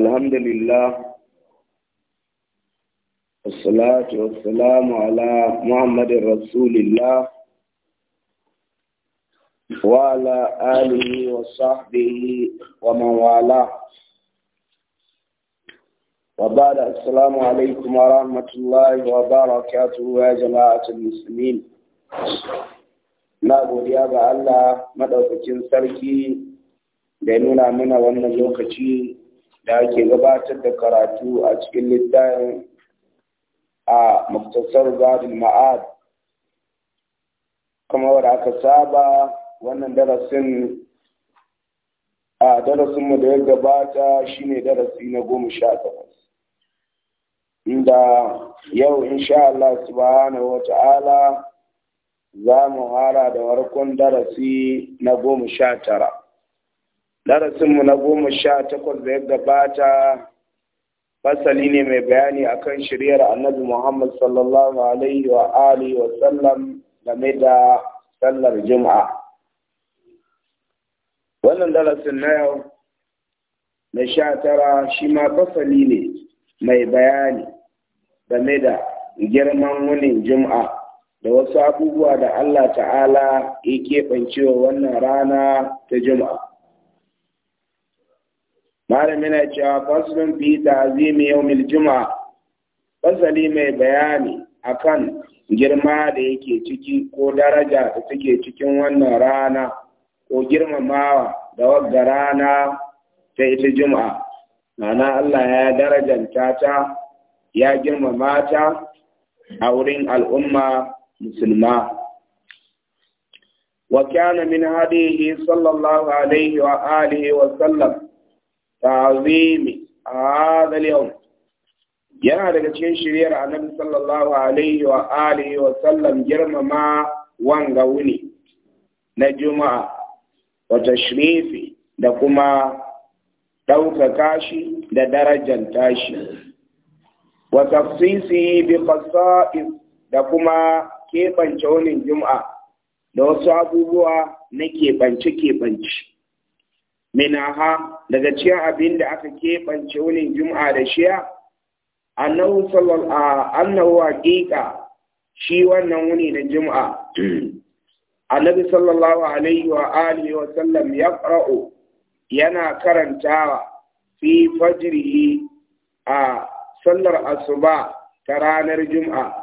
الحمد لله والصلاة والسلام على محمد رسول الله وعلى آله وصحبه ومن والاه وبعد السلام عليكم ورحمة الله وبركاته يا جماعة المسلمين na godiya ga Allah madaukakin sarki da nuna mana wannan lokaci da ake gabatar da karatu a cikin littafin a muktasar zadin ma'ad kuma wadda aka saba wannan darasin a darasinmu da ya gabata shine darasi na goma sha takwas inda yau insha Allah subhanahu wa ta'ala za mu hara da warkon darasi na goma sha tara darasinmu na goma sha takwas da ya gabata fasali ne mai bayani akan shiryar annabi Muhammad sallallahu alaihi wa alihi wa sallam game da sallar juma'a wannan darasin na yau na sha tara shi ma fasali ne mai bayani game da girman wunin juma'a da wasu abubuwa da Allah ta'ala ya keɓancewa wannan rana ta juma'a malam yana cewa faslun fi ta'zimi yawmil juma'a fasali mai bayani a kan girma da yake ciki ko daraja da take cikin wannan rana ko girmamawa da wadda rana ta ita juma'a Mana Allah ya darajanta ta ya girmama ta a wurin al'umma musulma wa kana min hadihi sallallahu alaihi wa alihi wa sallam ta'zimi a al-yawm yana daga cikin shiriyar annabi sallallahu alaihi wa alihi wa sallam girmama wanga wuni na juma'a wa tashrifi da kuma ɗaukaka shi da darajar tashi wa tafsisi bi khasa'is da kuma keɓance juma'a da wasu abubuwa na keɓance keɓance minaha daga cikin abin da aka keɓance wani juma'a da shiya annahu sallallahu annahu haqiqa shi wannan wuni na juma'a annabi sallallahu alaihi wa alihi wa sallam ya qara'u yana karantawa fi fajrihi a sallar asuba ta ranar juma'a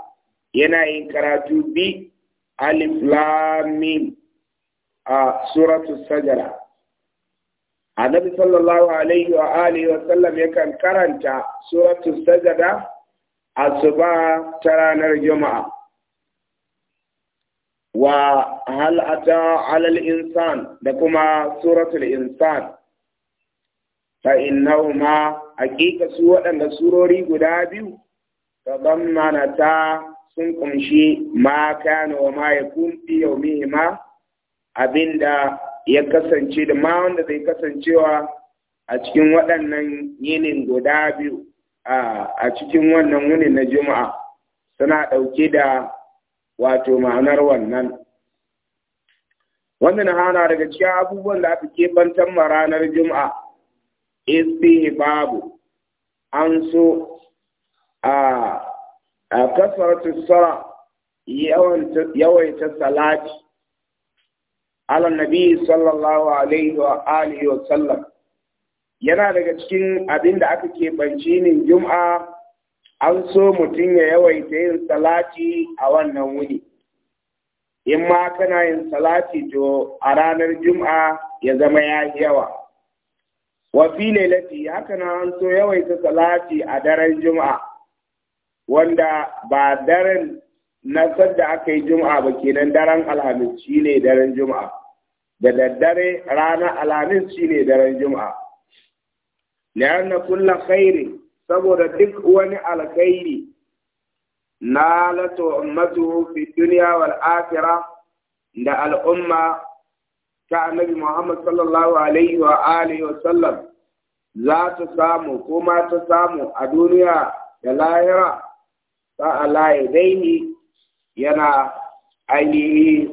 yana yin karatu bi alif lam a suratul sajara annabi sallallahu alaihi wa alihi wa sallam yakan karanta suratul sajada asuba ta ranar juma'a wa hal ata alal insan da kuma suratul insan fa innahuma haqiqa su waɗanda surori guda biyu tadammanata sun kumshi ma kana wa ma yakun fi yawmihima abinda ya kasance da ma wanda zai kasancewa a cikin waɗannan yinin guda biyu a cikin wannan wuni na juma'a suna ɗauke da wato ma'anar wannan wannan hana daga cikin abubuwan da aka kebantar ma ranar juma'a isbihi babu an so a kasar tussara yawaita salati ala nabi sallallahu alaihi wa alihi wa sallam yana daga cikin abin da aka keɓanci nin jum'a an so mutum ya yawaita yin salati a wannan wuni in ma kana yin salati to a ranar jum'a ya zama ya yawa wa fi lailati haka na an so yawaita salati a daren jum'a wanda ba daren na da aka yi jum'a ba kenan daren alhamis shine daren juma'a. da daddare rana alhamis shine daren juma'a lianna kulla khairi saboda duk wani alkhairi nalatu ummatu fi dunya wal akhirah da al'umma ta annabi Muhammad sallallahu alaihi wa alihi wa sallam za ta samu ko ma ta samu a duniya da lahira ta Allah ya daini yana ainihi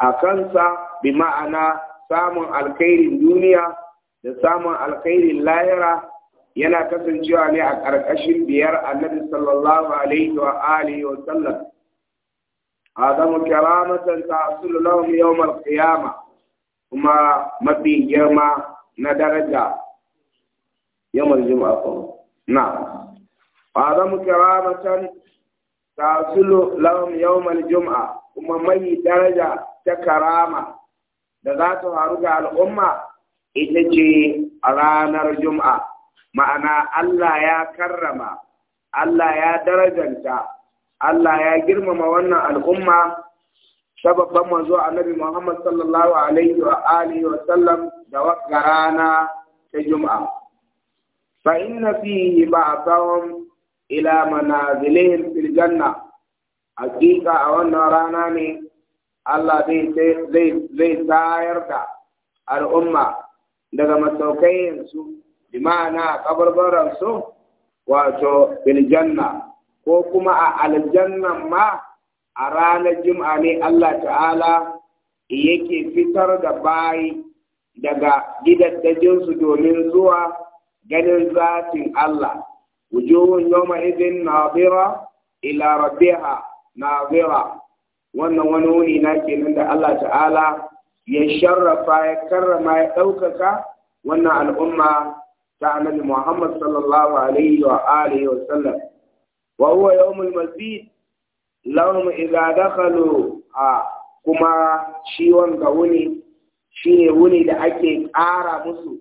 a kansa bi ma'ana samun alkhairin duniya da samun alkhairin lahira yana kasancewa ne a ƙarƙashin biyar annabi sallallahu alaihi wa alihi wa sallam adamu karamatan tahsulu lahum yawm al-qiyamah kuma mafi girma na daraja yawm al-jum'a ko na adamu karamatan tahsulu lahum yawm al-jum'a kuma mai daraja ta karama da za ta faru ga al'umma ita ce a ranar Juma'a, ma'ana Allah ya karrama, Allah ya darajanta, Allah ya girmama wannan al'umma ta babban manzo annabi Muhammad sallallahu alaihi wa alihi wa sallam da wakka rana ta Juma'a. Fa inna fihi tsawon ila manazilihim fil Hakika a wannan rana ne Allah zai tayar da al'umma daga masaukayensu bi ma'ana kabarbaransu wato biljanna ko kuma a aljannan ma a ranar jim'a ne Allah ta'ala yake fitar da bayi daga gidaddajinsu domin zuwa ganin zatin Allah wujuhun yawma idin nazira ila rabbiha nazira wannan wani wuni na kenan da Allah ta'ala ya sharrafa ya karrama ya ɗaukaka wannan al'umma ta annabi Muhammad sallallahu alaihi wa alihi wa sallam wa huwa yawmul masjid lahum idza dakhalu a kuma shi wuni shine wuni da ake ƙara musu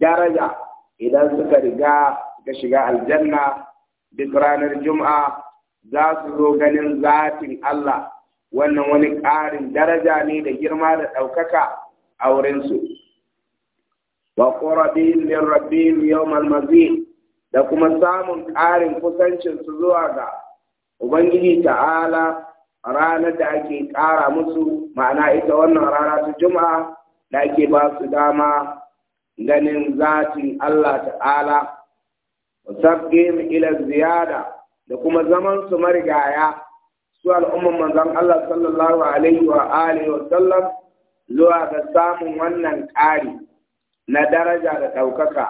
daraja idan suka riga suka shiga aljanna duk ranar juma'a za su zo ganin zafin Allah wannan wani ƙarin daraja ne da girma da ɗaukaka a wurinsu wa ƙorabin min rabbin yau malmazi da kuma samun ƙarin kusancinsu zuwa ga ubangiji ta'ala ranar da ake ƙara musu ma'ana ita wannan rana ta Juma da ake ba su dama ganin zatin Allah ta'ala sabgin ila ziyada da kuma zaman su marigaya su al'umman manzon Allah sallallahu alaihi wa alihi wa sallam zuwa ga samun wannan ƙari na daraja da ɗaukaka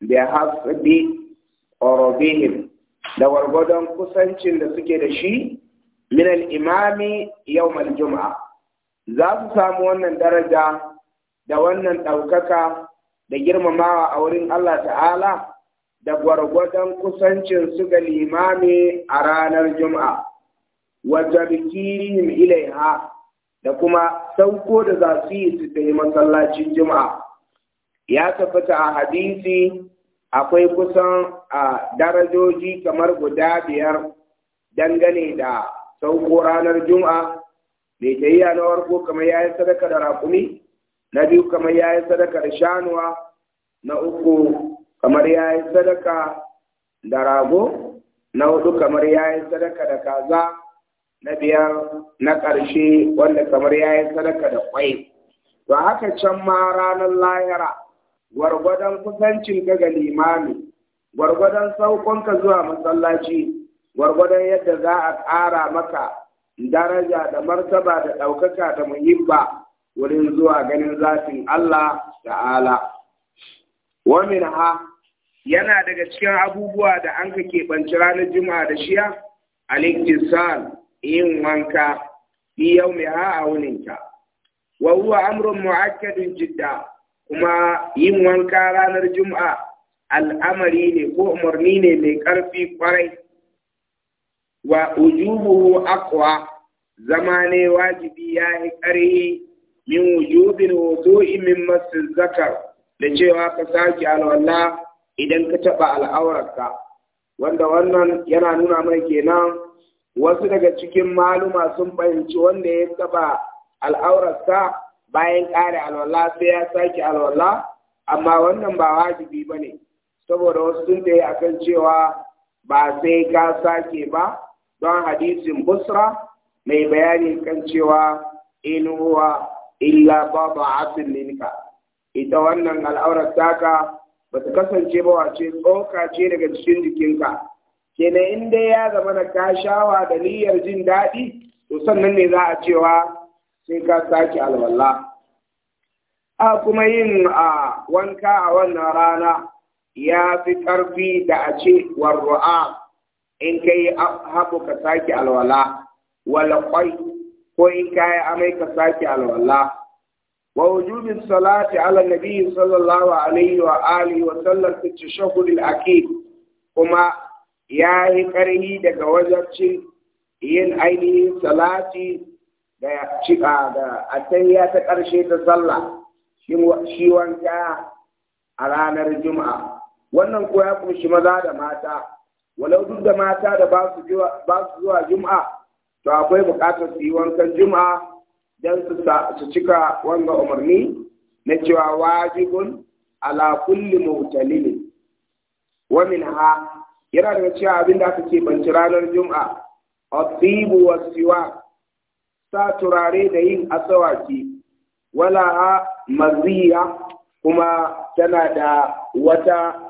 bi hasbi orobihim da wargodon kusancin da suke da shi min al-imami yawmal juma'a za su samu wannan daraja da wannan ɗaukaka da girmamawa a wurin Allah ta'ala da gwargwadon kusancin su ga limami a ranar juma'a wa tabkirihim ilaiha da kuma sauko da za su yi su tafi masallacin juma'a ya tabbata a hadisi akwai kusan a darajoji kamar guda biyar dangane da sauko ranar juma'a mai tayya na warko kamar ya yi sadaka da raƙumi na biyu kamar ya yi sadaka da shanuwa na uku kamar ya yi sadaka da rago na hudu kamar ya yi sadaka da kaza na biyar na ƙarshe wanda kamar ya yi sadaka da ƙwai. To haka can ma ranar lahira, gwargwadon kusancin ka ga limami, gwargwadon saukonka zuwa masallaci, gwargwadon yadda za a ƙara maka daraja da martaba da ɗaukaka da muhimma, wurin zuwa ganin zafin Allah ta'ala. Wamin ha, yana daga cikin abubuwa da an ka keɓanci ranar Juma'a da shiya, Alik yin wanka mai yawmiha a wuninta wa huwa amrun jidda kuma yin wanka ranar juma'a al'amari ne ko umarni ne mai karfi kwarai wa wujubuhu Akwa, zama ne wajibi ya yi ƙarhi min wujubin hoto imin masu zakar da cewa ka sake alwala idan ka taɓa al'aurarka wanda wannan yana nuna mai kenan wasu daga cikin maluma sun fahimci wanda ya taba al'aurarsa bayan ƙare alwala sai ya sake alwala amma wannan ba wajibi ba ne saboda wasu sun da kan cewa ba sai ka sake ba don hadisin busra mai bayani kan cewa in huwa illa babu'atun linka ita wannan al'aurar taka ba ta kasance ba wace tsoka ce daga cikin jikinka kenan in dai ya zama na kashawa shawa da niyyar jin daɗi to sannan ne za a cewa sai ka sake alwala a kuma yin a wanka a wannan rana ya fi ƙarfi da a ce warru'a in ka yi haɓu ka sake alwala wala ƙwai ko in ka yi amai ka sake alwala wa wujubin salati ala nabi sallallahu alaihi wa alihi wa sallam ta tashahhud al-akid kuma ya yi ƙarhi daga wajen cin yin ainihin salati da cika da attayya ta ƙarshe ta sallah shi wanka a ranar juma'a wannan ko ya kunshi maza da mata walau duk da mata da ba su zuwa juma'a to akwai buƙatar su yi wankan juma'a don su cika wanga umarni na cewa wajibun ala kulli mutalili wa ha yana daga cewa abin da aka ce banci ranar juma'a wa wasiwa sa turare da yin asawaki wala maziya kuma tana da wata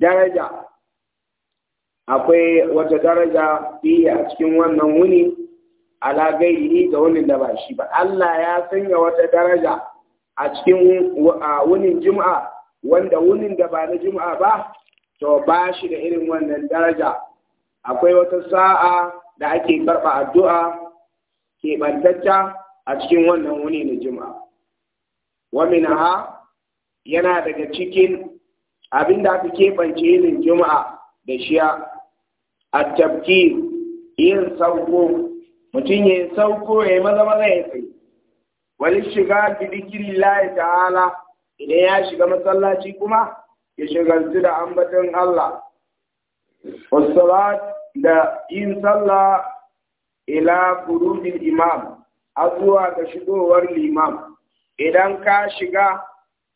daraja akwai wata daraja fiye a cikin wannan wuni ala gairi da wani da ba shi ba Allah ya sanya wata daraja a cikin wunin juma'a wanda wunin da ba na juma'a ba to ba shi da irin wannan daraja akwai wata sa'a da ake karɓa addu'a keɓantacca a cikin wannan wuni na jima'a. Wamin ha yana daga cikin abin da aka keɓance yinin jima'a da shiya, a tafki yin sauko, mutum ya yi sauko ya yi maza maza ya tsaye. Wani shiga bidikiri Allah ta'ala idan ya shiga masallaci kuma ya shagaltu da ambatan Allah wasalat da yin sallah ila furudin imam a zuwa ga shigowar limam idan ka shiga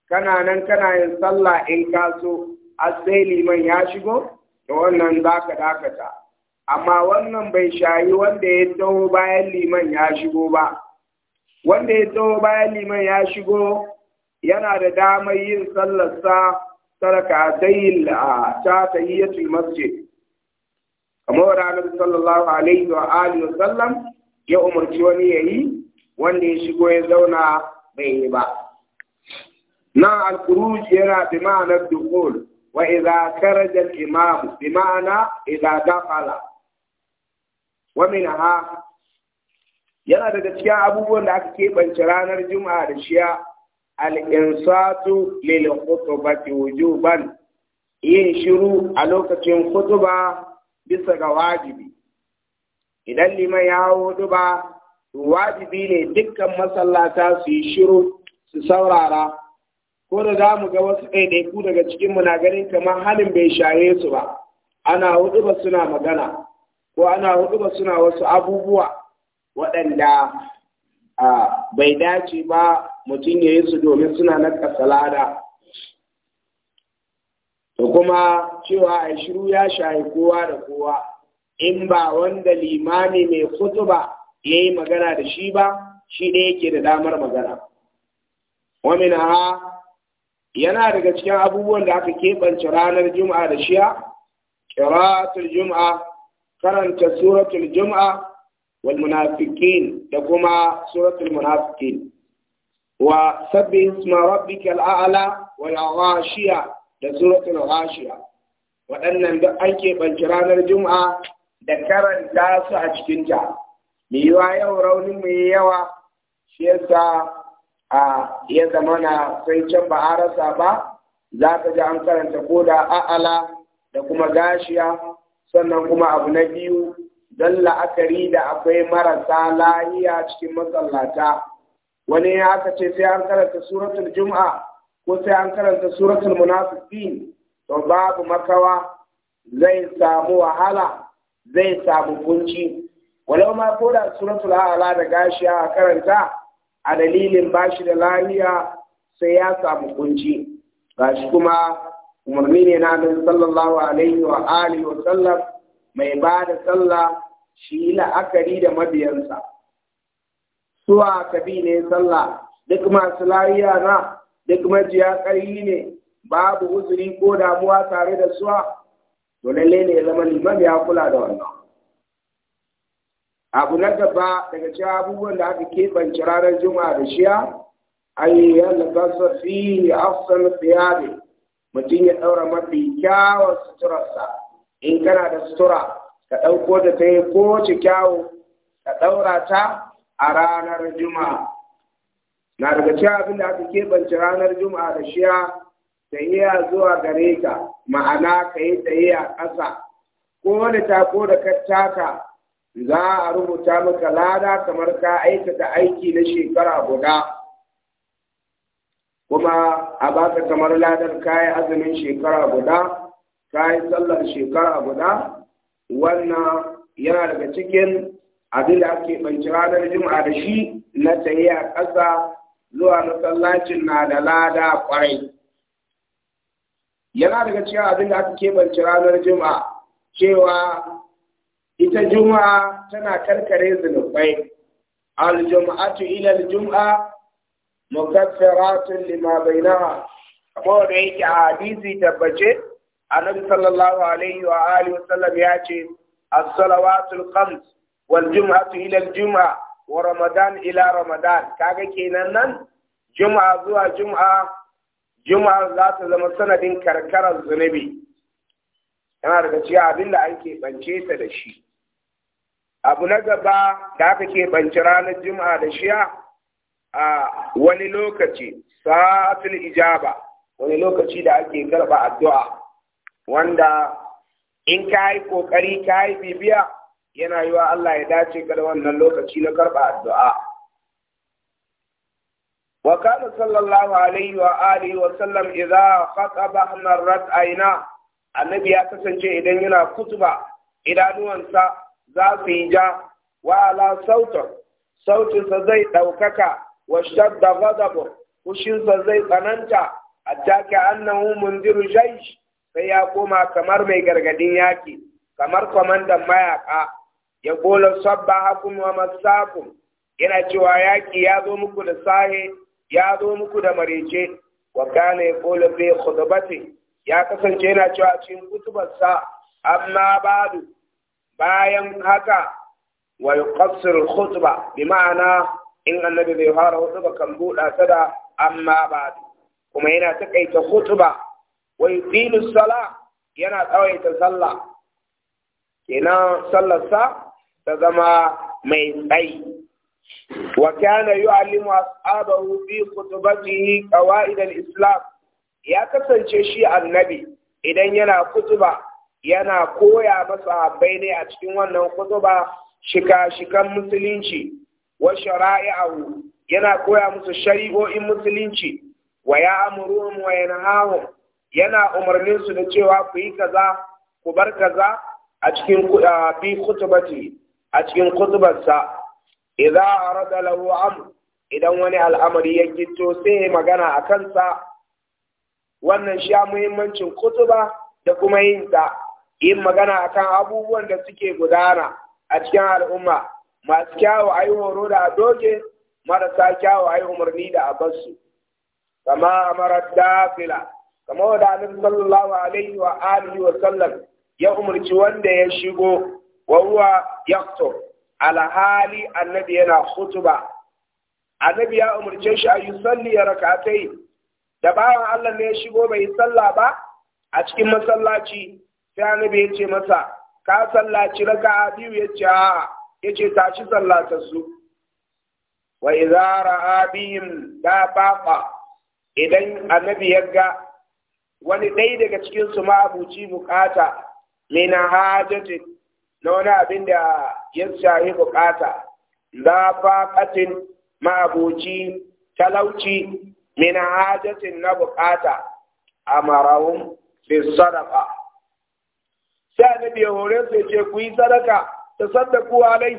kana nan kana yin sallah in ka so a sai liman ya shigo da wannan za ka dakata amma wannan bai shayi wanda ya taho bayan liman ya shigo ba wanda ya taho bayan liman ya shigo yana da damar yin sallarsa taraka dayil ta tahiyatul masjid kamar annabi sallallahu alaihi wa alihi wa sallam ya umarci wani yayi wanda ya shigo ya zauna bai yi ba nan al-khuruj yana bi ma'anar dukhul wa idza kharaja al-imam bi ma'ana idza dakhala wa ha? yana da cikin abubuwan da aka keɓance ranar juma'a da shiya al'insatu lil khutubati wujuban yin shiru a lokacin ba bisa ga wajibi idan liman ya hudu ba wajibi ne dukkan masallata su yi shiru su saurara ko da za mu ga wasu ɗaiɗaiku daga cikinmu na ganin kamar halin bai shaye su ba ana hudu ba suna magana ko ana hudu ba suna wasu abubuwa waɗanda a bai dace ba mutum ya yi su domin suna na salada. da kuma cewa a shiru ya shayi kowa da kowa in ba wanda limami mai kutu ba ya yi magana da shi ba shi ɗaya yake da damar magana wamin ha yana daga cikin abubuwan da aka keɓance ranar juma'a da shiya ƙiratul juma'a karanta suratul juma'a wal da kuma suratul munafiqin wa sabbih isma rabbikal a'la wal ghashiya da suratul ghashiya waɗannan duk an keɓanci ranar juma'a da karanta su a cikinta mai yiwa yau raunin mai yawa shi yasa a ya zamana sai can ba a rasa ba za ka ji an karanta ko da a'ala da kuma gashiya sannan kuma abu na biyu don la'akari da akwai marasa lahiya cikin masallata wani ya aka ce sai an karanta suratul Juma'a ko sai an karanta suratul munafiqin to babu makawa zai samu wahala zai samu kunci walau ma ko da suratul a'la da gashi a karanta a dalilin bashi da lahiya sai ya samu kunci gashi kuma umarni ne na sallallahu alaihi wa alihi wa sallam mai ba da sallah shi la'akari da mabiyansa suwa kabi ne sallah duk masu lariya na duk majiya ƙarfi ne babu uzuri ko damuwa tare da suwa to lalle ne zama liman ya kula da wannan abu na gaba daga cikin abubuwan da aka keɓance ranar juma'a da shiya an yi yallaka safi ne afsan fiyaɗe mutum ya ɗaura mafi kyawar suturarsa in kana da sutura ka ɗauko da ta yi ko kyawu ka ɗaura ta a ranar juma'a na daga cewa abin da aka keɓance ranar juma'a da shiya ya zuwa gare ka ma'ana ka yi a ƙasa ko wani tako da kattaka za a rubuta maka lada kamar ka aikata aiki na shekara guda kuma a baka kamar ladar kayan azumin shekara guda ka yi sallar shekara guda wannan yana daga cikin abin da ake banci ranar juma'a da shi na tsaye a ƙasa zuwa masallacin na da lada ƙwarai yana daga cikin abin da aka keɓance ranar juma'a cewa ita juma'a tana karkare zunubai aljuma'atu ila aljuma'a mukaffiratun lima bainaha ko da yake a hadisi tabbace annabi sallallahu alaihi wa alihi wa sallam ya ce as-salawatul khams wal jum'atu ila al-jum'a wa ramadan ila ramadan kaga kenan nan juma'a zuwa juma'a? jum'a za ta zama sanadin karkarar zunubi yana daga cikin abin da ake keɓance ta da shi abu na gaba da aka ke keɓance ranar juma'a da shiya a wani lokaci sa'atul ijaba wani lokaci da ake karɓa addu'a wanda in ka yi ƙoƙari ka yi bibiya yana yi wa Allah ya dace ka wannan lokaci na karɓa addu'a. Wa kana sallallahu alaihi wa alihi wa sallam idza khataba marrat aina annabi ya kasance idan yana kutuba idanuwansa za su yi ja wa ala sautin sautinsa zai ɗaukaka wa shadda ghadabu kushinsa zai tsananta hatta ka annahu mundiru jaysh sai ya koma kamar mai gargadin yaki kamar kwamandan mayaka ya gola sabba hakun wa masakun yana cewa yaki ya zo muku da sahe ya zo muku da marece wa kana ya gola bai ya kasance yana cewa a cikin kutubarsa amma badu bayan haka wa yuqassir khutba bi ma'ana in annabi bai fara hutuba kan buɗa ta da amma badu kuma yana takaita hutuba wa yuqilu sala yana tsawaita sallah kenan sallarsa ta zama mai tsayi wa kana yu'allimu ashabahu fi khutbatihi qawaid al-islam ya kasance shi annabi idan yana kutuba yana koya masa habbai ne a cikin wannan kutuba shika-shikan musulunci wa shara'i'ahu yana koya musu shari'o'in musulunci wa ya wa yanhahum yana umarnin su da cewa ku yi kaza ku bar kaza a cikin bi kutubati a cikin kutubarsa idza arada lahu amr idan wani al'amari ya gito sai magana a kansa wannan shi muhimmancin kutuba da kuma yin ta yin magana akan abubuwan da suke gudana a cikin al'umma masu kyawu a horo da a doge marasa kyawu a umarni da a basu kama amara dafila Kama wanda annabi sallallahu alaihi wa alihi wa sallam ya umarci wanda ya shigo wa huwa ala alhali annabi yana khutba annabi ya umarce shi a yusalli ya rakatai da bawan Allah ne ya shigo bai salla ba a cikin masallaci sai annabi ya ce masa ka sallaci raka'a biyu ya ce a ya ce tashi sallatar su wa idza ra'a bihim da baqa idan annabi ya ga wani ɗaya daga cikinsu su ma'abuci bukata min hajjajin na wani abin da ya shahi bukata za faƙatin ma'abuci talauci min hajjajin na bukata Marawun fi sadaka sai annabi biya hore sai ce ku yi sadaka ta saddaku alai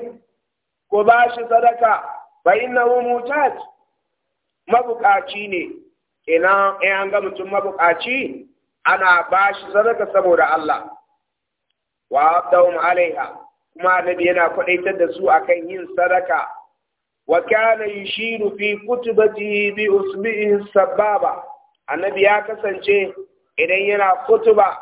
ko ba shi sadaka fa innahu mutaj mabukaci ne ina in an ga mutum mabukaci ana ba shi sadaka saboda Allah wa abdahum alaiha kuma annabi yana kwadaitar da su akan yin sadaka wa kana yushiru fi kutubatihi bi usbihi sababa annabi ya kasance idan yana kutuba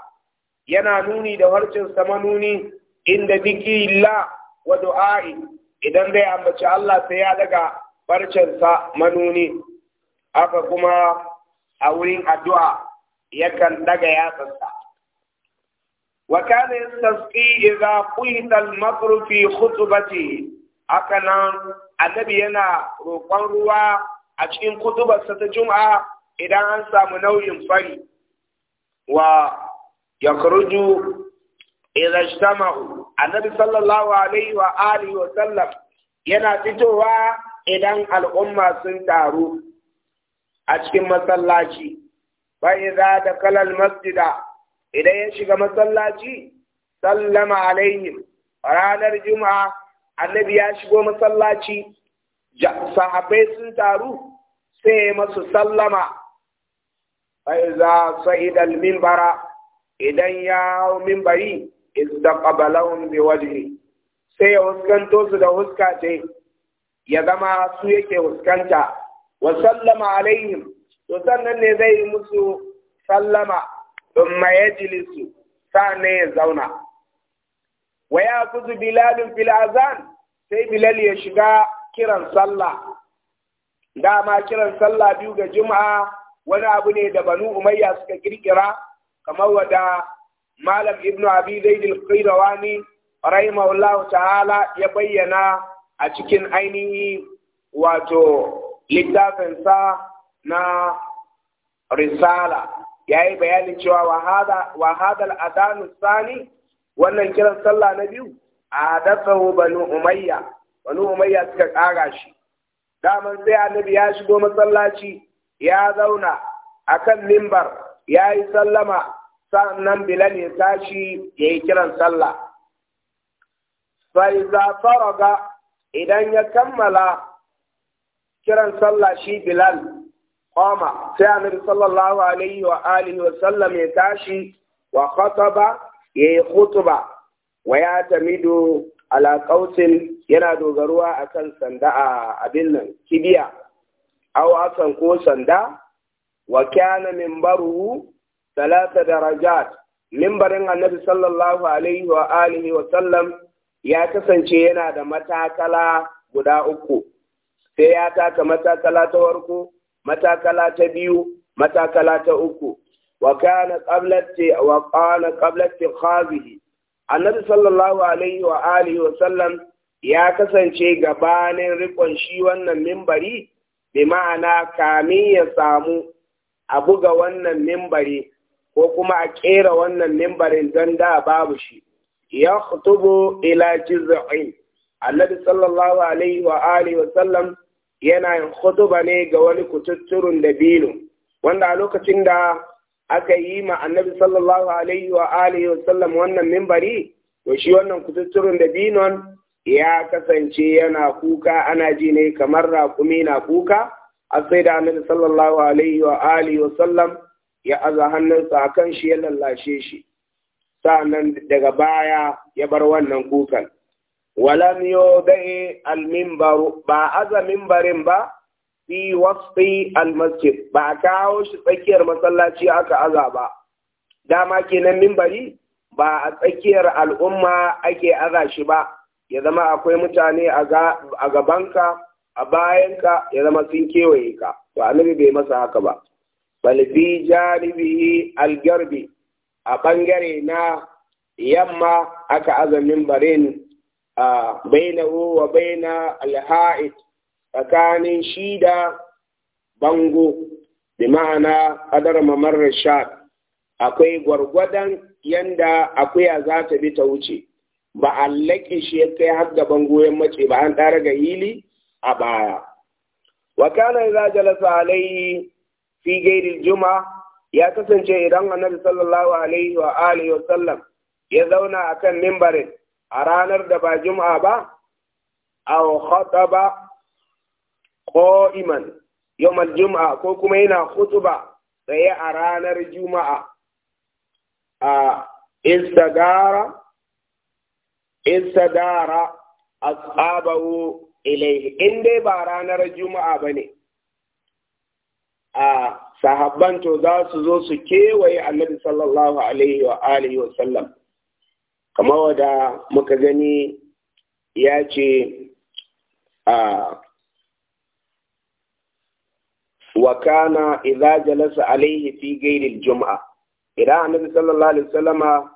yana nuni da harcin manuni inda diki la wa du'a'i idan bai ambaci Allah sai ya daga farcen sa manuni haka kuma a wurin addu'a yakan daga yatsansa. wa kane saski iza qila al-makru haka nan annabi yana roƙon ruwa a cikin kutubarsa ta juma'a idan an samu nauyin fari wa yakhruju idza ijtama'u annabi sallallahu alaihi wa alihi wa sallam yana fitowa idan al'umma sun taru a cikin masallaci fa za da kalal masjida idan ya shiga masallaci sallama alaihi ranar juma'a annabi ya shigo masallaci sahabbai sun taru sai masu sallama fa idza sa'ida al minbara idan ya hau minbari istaqbalahum bai waje. sai ya huskanto su da huska ce ya zama su yake huskanta wa sallama alaihim to sannan ne zai yi musu sallama don sa sa'an ya zauna wa ya kuzu bilalun fil azan sai bilal ya shiga kiran sallah dama kiran sallah biyu ga juma'a wani abu ne da banu umayya suka kirkira kamar wada malam ibnu abi zaidil qirawani rahimahullahu ta'ala ya bayyana a cikin ainihi wato Littafin sa na risala ya yi bayanin cewa wa hadal adanu sani wannan kiran sallah na biyu a dafahu banu umayya banu umayya suka ƙara shi daman sai annabi ya shigo masallaci ya zauna a kan limbar, ya yi sallama sannan bilal ya tashi ya yi kiran sallah fa iza faraga idan ya kammala kiran sallah shi Bilal qama sai Annabi sallallahu alaihi wa alihi wa sallam ya tashi wa khataba yayi khutba wa ya tamidu ala qausin yana dogaruwa akan sanda a abin nan kibiya aw akan ko sanda wa kana minbaruhu talata darajat mimbarin annabi sallallahu alaihi wa alihi wa sallam ya kasance yana da matakala guda uku sai ya taka matakala ta warko matakala ta biyu matakala ta uku wa kana qablati wa qala qablati khazihi annabi sallallahu alaihi wa alihi wa sallam ya kasance gabanin rikon shi wannan mimbari bi ma'ana kamin ya samu a buga wannan mimbari ko kuma a kera wannan mimbarin don da babu shi ya khutubu ila jiz'in annabi sallallahu alaihi wa alihi wa sallam yana yin khutuba ne ga wani kututturun dabino wanda a lokacin da aka yi ma annabi sallallahu alaihi wa alihi wa sallam wannan mimbari to shi wannan kututturun dabinon ya kasance yana kuka ana ji ne kamar raƙumi na kuka a sai da annabi sallallahu alaihi wa alihi wa sallam ya aza hannunsa akan shi ya lallashe shi sa'annan daga baya ya bar wannan kukan walam yudai al ba aza mimbarin ba fi wasfi al-masjid ba kawo shi tsakiyar masallaci aka aza ba dama kenan mimbari ba a tsakiyar al'umma ake aza shi ba ya zama akwai mutane a gabanka a bayanka ya zama sun kewaye ka to annabi bai masa haka ba bal fi algarbi a bangare na yamma aka aza mimbarin bainahu wa baina alha'id tsakanin shi da bango bi ma'ana kadar mamar rashad akwai gwargwadon yanda akuya za ta bi ta wuce ba allaki shi ya kai har bango ya mace ba an ɗara ga hili a baya wa kana idza jalasa alayhi fi ghairi juma ya kasance idan annabi sallallahu alaihi wa alihi wa sallam ya zauna akan mimbarin a ranar da ba juma'a ba aw khataba qa'iman yawm al-jum'a ko kuma yana khutba sai a ranar juma'a a istagara istagara ashabahu ilayhi inde ba ranar juma'a bane a sahabban to za su zo su kewaye annabi sallallahu alaihi wa alihi wa sallam kamar wadda muka gani ya ce a wakana idza jalasa alaihi fi gairil jum'a idan annabi sallallahu alaihi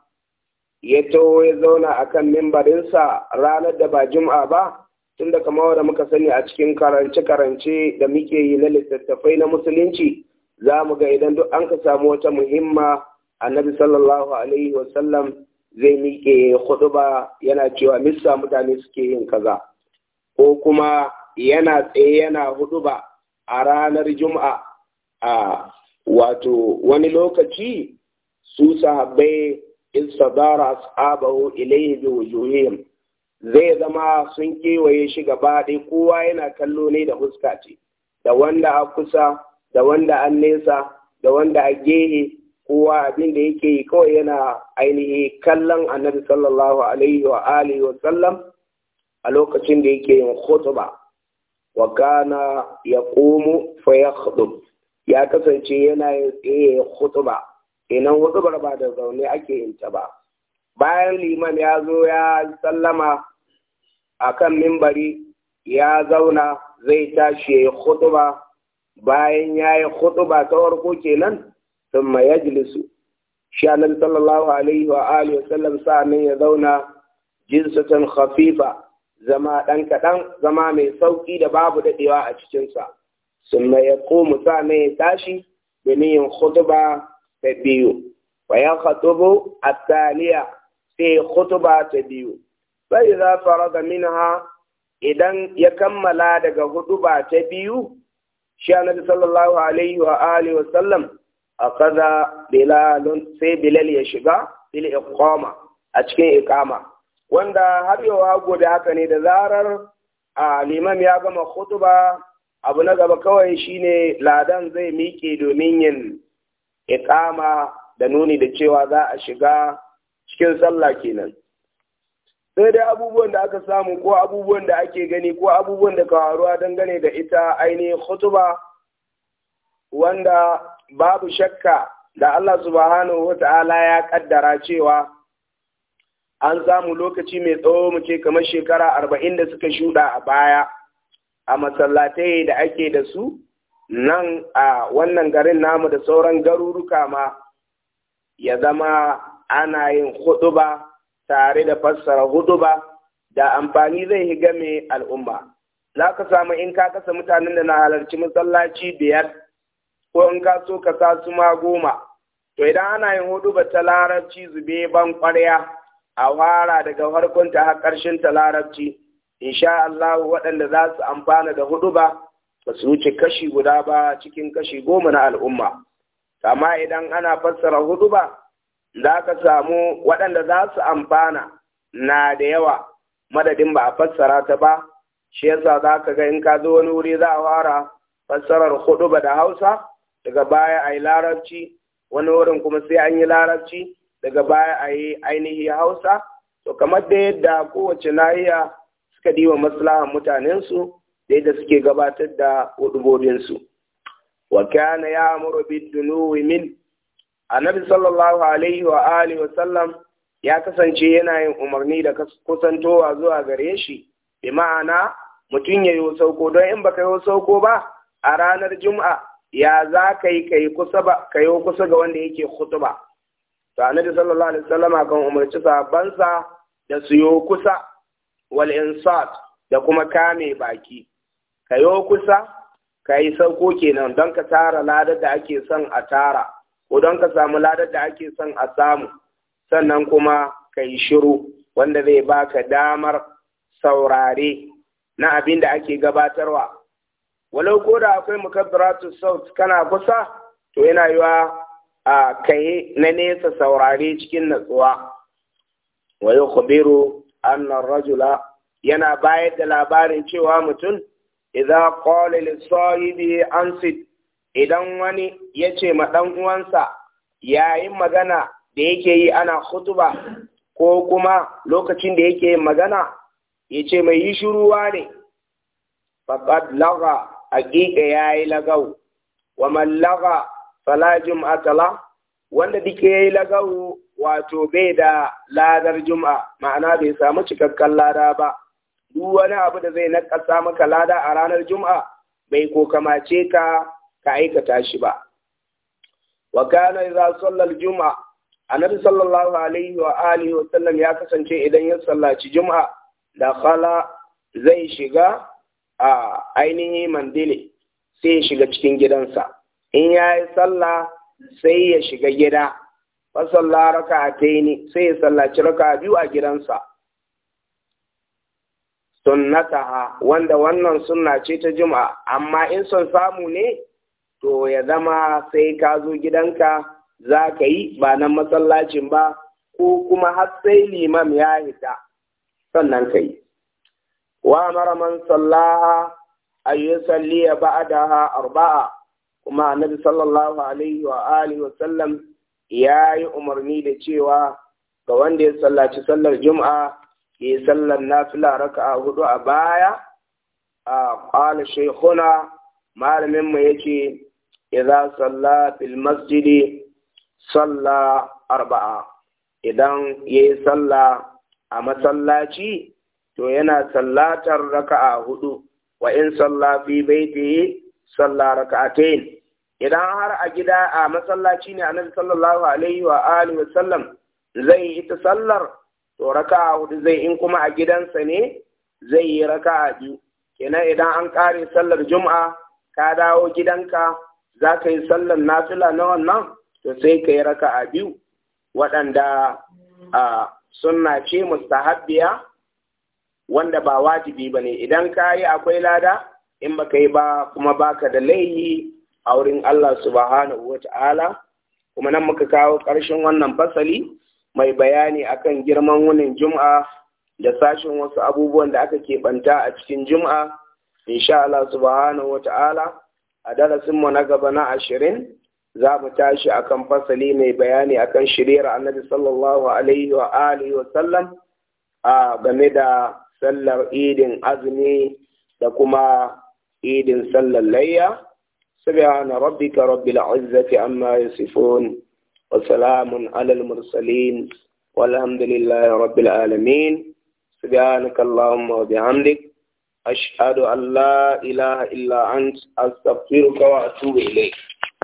ya to ya zauna a akan mimbarinsa ranar da ba juma'a ba tunda kamar wadda muka sani a cikin karance-karance da muke yi na littattafai na musulunci za mu ga idan duk an ka samu wata muhimma annabi sallallahu alaihi wasallam zai miƙe hudu ba yana cewa misa mutane suke yin kaza ko kuma yana tsaye yana hudu ba a ranar juma'a a wato wani lokaci su sahabbai sadara ashabahu ilayhi bi wujuhihim zai zama sun kewaye shi gaba ɗaya kowa yana kallo ne da fuska ce da wanda a kusa da wanda an nesa da wanda a gehe kowa abin da yake yi kawai yana ainihi kallon annabi sallallahu alaihi wa alihi wa sallam a lokacin da yake yin khutba wa kana yaqumu fa yakhdub ya kasance yana yin khutba kenan khutbar ba da zaune ake yin ta ba bayan liman ya zo ya sallama akan mimbari ya zauna zai tashi ya yi khutba bayan ya yi khutba ta farko kenan thumma yajlisu shi annabi sallallahu alaihi wa alihi wa sallam sa'annan ya zauna jinsatan khafifa zama dan kaɗan, zama mai sauki da babu dadewa a cikin sa thumma yaqumu sa'annan ya tashi domin yin khutba ta biyu wa ya khatubu at-taliya sai khutba ta biyu fa idza faraga minha idan ya kammala daga huduba ta biyu shi annabi sallallahu alaihi wa alihi wa sallam akaza bilalun sai bilal ya shiga fil iqama a cikin iqama wanda har yau ha gobe haka ne da zarar a limam ya gama khutba abu na gaba kawai shine ladan zai miƙe domin yin iqama da nuni da cewa za a shiga cikin sallah kenan sai dai abubuwan da aka samu ko abubuwan da ake gani ko abubuwan da kawaruwa dangane da ita ainihin khutba wanda babu shakka da Allah subhanahu wa ta'ala ya ƙaddara cewa an samu lokaci mai tsawo muke kamar shekara arba'in da suka shuɗa a baya a masallatai da ake da su nan a wannan garin namu da sauran garuruka ma ya zama ana yin huɗuba tare da fassara huɗuba da amfani zai higa mai al'umma. Za ka samu in ka kasa mutanen da na halarci masallaci biyar ko in ka so ka sa su ma goma to idan ana yin hudu ba ta larabci zube ban kwarya a fara daga farkon ta har karshen ta larabci insha Allah waɗanda za su amfana da hudu ba ba su wuce kashi guda ba cikin kashi goma na al'umma amma idan ana fassara hudu ba za ka samu waɗanda za su amfana na da yawa madadin ba a fassara ta ba shi yasa za ka ga in ka zo wani wuri za a fara fassarar hudu ba da hausa daga baya a yi larabci wani wurin kuma sai an yi larabci daga baya a yi ainihi hausa to kamar da yadda kowace nahiya suka diwa maslahan mutanensu da yadda suke gabatar da hudubobinsu wa kana ya amuru bidunuwi min annabi sallallahu alaihi wa alihi wa sallam ya kasance yana yin umarni da kusantowa zuwa gare shi bi ma'ana mutum ya yi sauko don in baka yi sauko ba a ranar juma'a ya za ka yi ka kusa kusa ga wanda yake khutba to annabi sallallahu alaihi wasallama kan umarci sabansa da su yi kusa wal insat da kuma kame baki Ka yi kusa ka yi sauko kenan don ka tara ladar da ake son a tara ko don ka samu ladar da ake son a samu sannan kuma ka yi shiru wanda zai baka damar saurare na abin da ake gabatarwa walau ko da akwai mukaddaratu saut kana kusa to yana yi wa a kai na nesa saurare cikin natsuwa wa yi kubiru annan rajula yana bayar da labarin cewa mutum idza qala li sahibi ansid idan wani ya ce ma dan uwansa yayin magana da yake yi ana khutuba ko kuma lokacin da yake yin magana ya ce mai yi shuruwa ne faqad laga hakika yi lagau wa mallaka laga fala jum'ata la wanda dike yayi lagau wato bai da ladar jum'a ma'ana bai samu cikakkan lada ba duk wani abu da zai nakasa maka lada a ranar jum'a bai ko kamace ka ka aikata shi ba wa kana idza salla al-jum'a annabi sallallahu alaihi wa alihi wa sallam ya kasance idan ya sallaci jum'a da khala zai shiga a ainihi mandili sai ya shiga cikin gidansa in ya yi sallah sai ya shiga gida fasalla raka a taini sai ya sallaci raka biyu a gidansa ha wanda wannan sunna ce ta juma'a amma in son samu ne to ya zama sai ka zo gidanka za ka yi ba nan masallacin ba ko kuma har sai limam ya hita sannan ka yi وأمر من صلاها أن يصلي بعدها أربعة kuma annabi sallallahu alaihi wa alihi ya yi umarni da cewa ga wanda ya sallaci sallar juma'a ya sallar "Na raka a hudu a baya a qala shaihuna malamin mu ya za salla fil masjidi salla arba'a idan yayi salla a masallaci to yana sallatar raka'a hudu wa in salla fi baiti salla raka'atain idan har a gida a masallaci ne annabi sallallahu alaihi wa alihi wa sallam zai yi ta sallar to raka'a hudu zai in kuma a gidansa ne zai yi raka'a biyu kenan idan an kare sallar juma'a ka dawo gidanka za ka yi sallar nafila na wannan to sai ka yi raka'a biyu waɗanda a sunna ce mustahabbiya wanda ba wajibi ba ne idan ka yi akwai lada in baka yi ba kuma baka da laihi a wurin Allah subhanahu wa ta'ala kuma nan muka kawo ƙarshen wannan fasali mai bayani akan girman wunin juma'a da sashen wasu abubuwan da aka keɓanta a cikin juma'a insha Allah subhanahu wa ta'ala a darasinmu na gaba na ashirin za mu tashi akan fasali mai bayani akan shiriyar annabi sallallahu alaihi wa alihi wa sallam a game da sallar idin azumi da kuma idin sallar layya سبحان ربك رب العزة عما يصفون وسلام على المرسلين والحمد لله رب العالمين سبحانك اللهم وبحمدك أشهد أن لا إله إلا أنت أستغفرك وأتوب إليك